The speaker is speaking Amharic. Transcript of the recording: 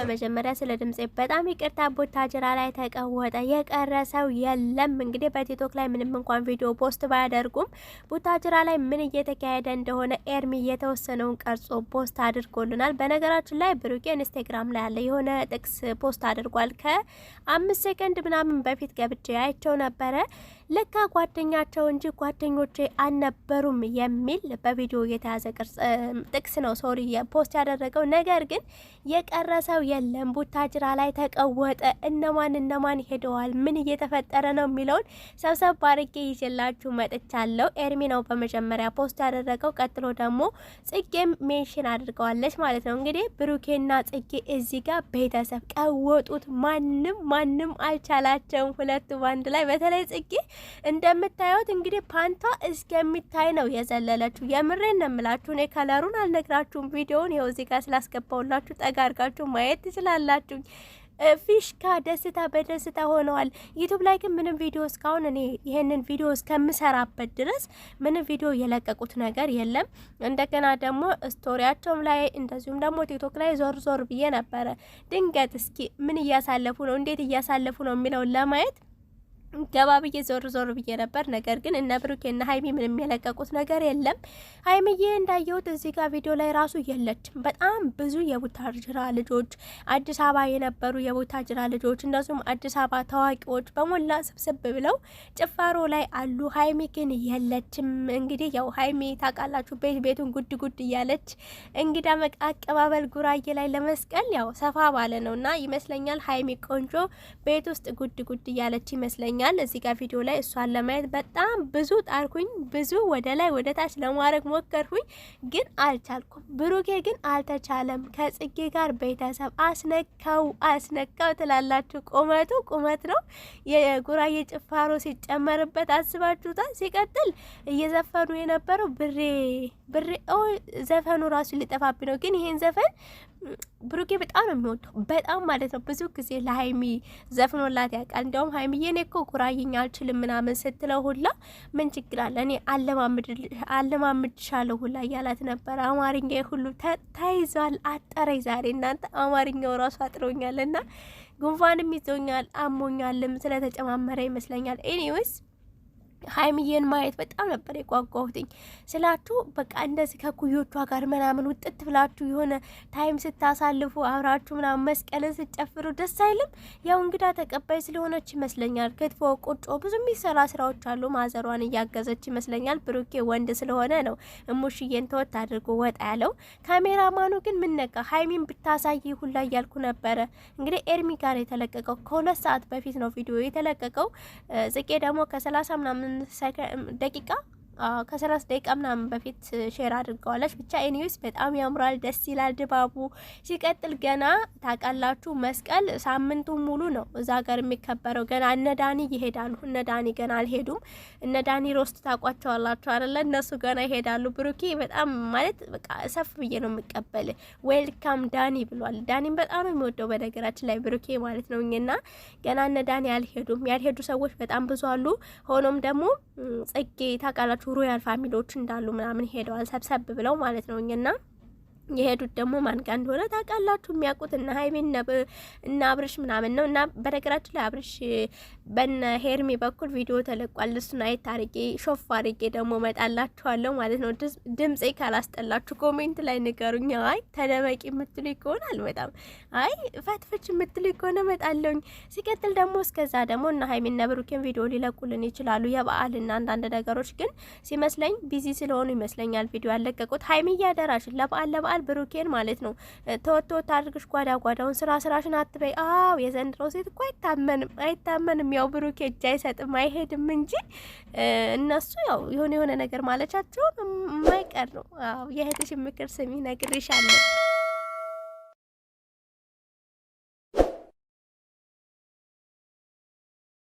በመጀመሪያ ስለ ድምጽ በጣም ይቅርታ። ቦታጅራ ላይ ተቀወጠ የቀረሰው የለም። እንግዲህ በቲክቶክ ላይ ምንም እንኳን ቪዲዮ ፖስት ባያደርጉም ቦታጅራ ላይ ምን እየተካሄደ እንደሆነ ኤርሚ የተወሰነውን ቀርጾ ፖስት አድርጎልናል። በነገራችን ላይ ብሩኬ ኢንስታግራም ላይ ያለ የሆነ ጥቅስ ፖስት አድርጓል። ከአምስት ሴከንድ ምናምን በፊት ገብቼ አይቸው ነበረ። ለካ ጓደኛቸው እንጂ ጓደኞቼ አልነበሩም የሚል በቪዲዮ የተያዘ ቅርጽ ጥቅስ ነው ሶሪ ፖስት ያደረገው። ነገር ግን የቀረሰው የለም። ቡታጅራ ላይ ተቀወጠ። እነማን እነማን ሄደዋል፣ ምን እየተፈጠረ ነው የሚለውን ሰብሰብ አድርጌ ይዤላችሁ መጥቻለሁ። ኤርሚ ነው በመጀመሪያ ፖስት ያደረገው። ቀጥሎ ደግሞ ጽጌም ሜንሽን አድርገዋለች ማለት ነው። እንግዲህ ብሩኬና ጽጌ እዚህ ጋር ቤተሰብ ቀወጡት። ማንም ማንም አልቻላቸውም። ሁለቱ ባንድ ላይ በተለይ ጽጌ እንደምታዩት እንግዲህ ፓንቷ እስከሚታይ ነው የዘለለችው። የምሬ ነው የምላችሁ። እኔ ከለሩን አልነግራችሁም። ቪዲዮውን ይኸው እዚህ ጋር ስላስገባውላችሁ ጠጋርጋችሁ ማየት ትችላላችሁ። ፊሽካ ደስታ በደስታ ሆነዋል። ዩቱብ ላይ ግን ምንም ቪዲዮ እስካሁን እኔ ይሄንን ቪዲዮ እስከምሰራበት ድረስ ምንም ቪዲዮ የለቀቁት ነገር የለም። እንደገና ደግሞ ስቶሪያቸውም ላይ እንደዚሁም ደግሞ ቲክቶክ ላይ ዞር ዞር ብዬ ነበረ። ድንገት እስኪ ምን እያሳለፉ ነው፣ እንዴት እያሳለፉ ነው የሚለውን ለማየት ገባ ብዬ ዞር ዞር ብዬ ነበር። ነገር ግን እነ ብሩኬ እና ሀይሚ ምንም የለቀቁት ነገር የለም። ሀይሚዬ እንዳየሁት እዚህ ጋር ቪዲዮ ላይ ራሱ የለችም። በጣም ብዙ የቡታጅራ ልጆች፣ አዲስ አበባ የነበሩ የቡታጅራ ልጆች እንደዚሁም አዲስ አበባ ታዋቂዎች በሞላ ስብስብ ብለው ጭፋሮ ላይ አሉ። ሀይሚ ግን የለችም። እንግዲህ ያው ሀይሚ ታውቃላችሁ፣ ቤት ቤቱን ጉድ ጉድ እያለች እንግዳ አቀባበል ጉራዬ ላይ ለመስቀል ያው ሰፋ ባለ ነው እና ይመስለኛል ሀይሚ ቆንጆ ቤት ውስጥ ጉድ ጉድ እያለች ይመስለኛል ይገኛል። እዚህ ጋር ቪዲዮ ላይ እሷን ለማየት በጣም ብዙ ጣርኩኝ፣ ብዙ ወደ ላይ ወደ ታች ለማድረግ ሞከርኩኝ፣ ግን አልቻልኩም። ብሩኬ ግን አልተቻለም። ከጽጌ ጋር ቤተሰብ አስነካው አስነካው ትላላችሁ። ቁመቱ ቁመት ነው። የጉራዬ ጭፋሮ ሲጨመርበት አስባችሁታል። ሲቀጥል እየዘፈኑ የነበረው ብሬ ብሬ ዘፈኑ ራሱ ሊጠፋብኝ ነው፣ ግን ይሄን ዘፈን ብሩኬ በጣም ነው የሚወደው፣ በጣም ማለት ነው። ብዙ ጊዜ ለሀይሚ ዘፍኖላት ያውቃል። እንዲያውም ሀይሚ የኔ እኮ ጉራዬኛ አልችልም ምናምን ስትለው ሁላ ምን ችግር አለ እኔ አለማምድሻለሁ ሁላ እያላት ነበረ። አማርኛ ሁሉ ተይዟል። አጠረኝ ዛሬ እናንተ አማርኛው ራሱ አጥሮኛል እና ጉንፋንም ይዞኛል አሞኛልም ስለተጨማመረ ይመስለኛል ኤኒዌይስ ሀይሚዬን ማየት በጣም ነበር የጓጓሁትኝ ስላችሁ በቃ እንደዚህ ከኩዮቿ ጋር ምናምን ውጥት ብላችሁ የሆነ ታይም ስታሳልፉ አብራችሁ ምናምን መስቀልን ስጨፍሩ ደስ አይልም? ያው እንግዳ ተቀባይ ስለሆነች ይመስለኛል። ክትፎ፣ ቁጮ ብዙ የሚሰራ ስራዎች አሉ። ማዘሯን እያገዘች ይመስለኛል። ብሩኬ ወንድ ስለሆነ ነው እሙሽዬን ተወት አድርጎ ወጣ ያለው። ካሜራማኑ ግን ምነቃ ሀይሚን ብታሳይ ሁላ እያልኩ ነበረ። እንግዲህ ኤርሚ ጋር የተለቀቀው ከሁለት ሰዓት በፊት ነው ቪዲዮ የተለቀቀው ጽጌ ደግሞ ከሰላሳ ምናምን ደቂቃ ከሰላስ ደቂቃ ምናምን በፊት ሼር አድርገዋለች። ብቻ ኤኒዌይስ በጣም ያምራል፣ ደስ ይላል ድባቡ። ሲቀጥል ገና ታውቃላችሁ መስቀል ሳምንቱ ሙሉ ነው እዛ ጋር የሚከበረው። ገና እነዳኒ ይሄዳሉ። እነዳኒ ገና አልሄዱም። እነዳኒ ሮስት ታቋቸዋላችሁ አለ። እነሱ ገና ይሄዳሉ። ብሩኬ በጣም ማለት በቃ ሰፍ ብዬ ነው የምቀበል። ዌልካም ዳኒ ብሏል። ዳኒም በጣም ነው የሚወደው በነገራችን ላይ ብሩኬ ማለት ነው እኛና ገና እነዳኒ አልሄዱም። ያልሄዱ ሰዎች በጣም ብዙ አሉ። ሆኖም ደግሞ ጽጌ ታውቃላችሁ ሮያል ፋሚሊዎች እንዳሉ ምናምን ሄደዋል ሰብሰብ ብለው ማለት ነው እኛና የሄዱት ደግሞ ማን ጋር እንደሆነ ታውቃላችሁ። የሚያውቁት እና ሀይሚን እና አብርሽ ምናምን ነው። እና በነገራችን ላይ አብርሽ በነ ሄርሜ በኩል ቪዲዮ ተለቋል። እሱን አየት አርጌ ሾፍ አርጌ ደግሞ መጣላችኋለሁ ማለት ነው። ድምፄ ካላስጠላችሁ ኮሜንት ላይ ንገሩኝ። አይ ተደበቂ የምትሉ ከሆነ አልመጣም። አይ ፈትፈች የምትሉ ከሆነ መጣለውኝ። ሲቀጥል ደግሞ እስከዛ ደግሞ እና ሀይሚና ብሩኬን ቪዲዮ ሊለቁልን ይችላሉ። የበዓል እና አንዳንድ ነገሮች ግን ሲመስለኝ ቢዚ ስለሆኑ ይመስለኛል ቪዲዮ ያለቀቁት። ሀይሜ እያደራሽን ለበዓል ለበዓል ይላል ብሩኬን ማለት ነው። ተወጥቶ ታድርግሽ ጓዳ ጓዳውን ስራ ስራሽን አትበይ። አዎ የዘንድሮ ሴት እኮ አይታመንም አይታመንም። ያው ብሩኬ እጅ አይሰጥም አይሄድም እንጂ እነሱ ያው የሆነ የሆነ ነገር ማለቻቸውን የማይቀር ነው። አዎ የእህትሽ ምክር ስሚ ነግሬሻለሁ።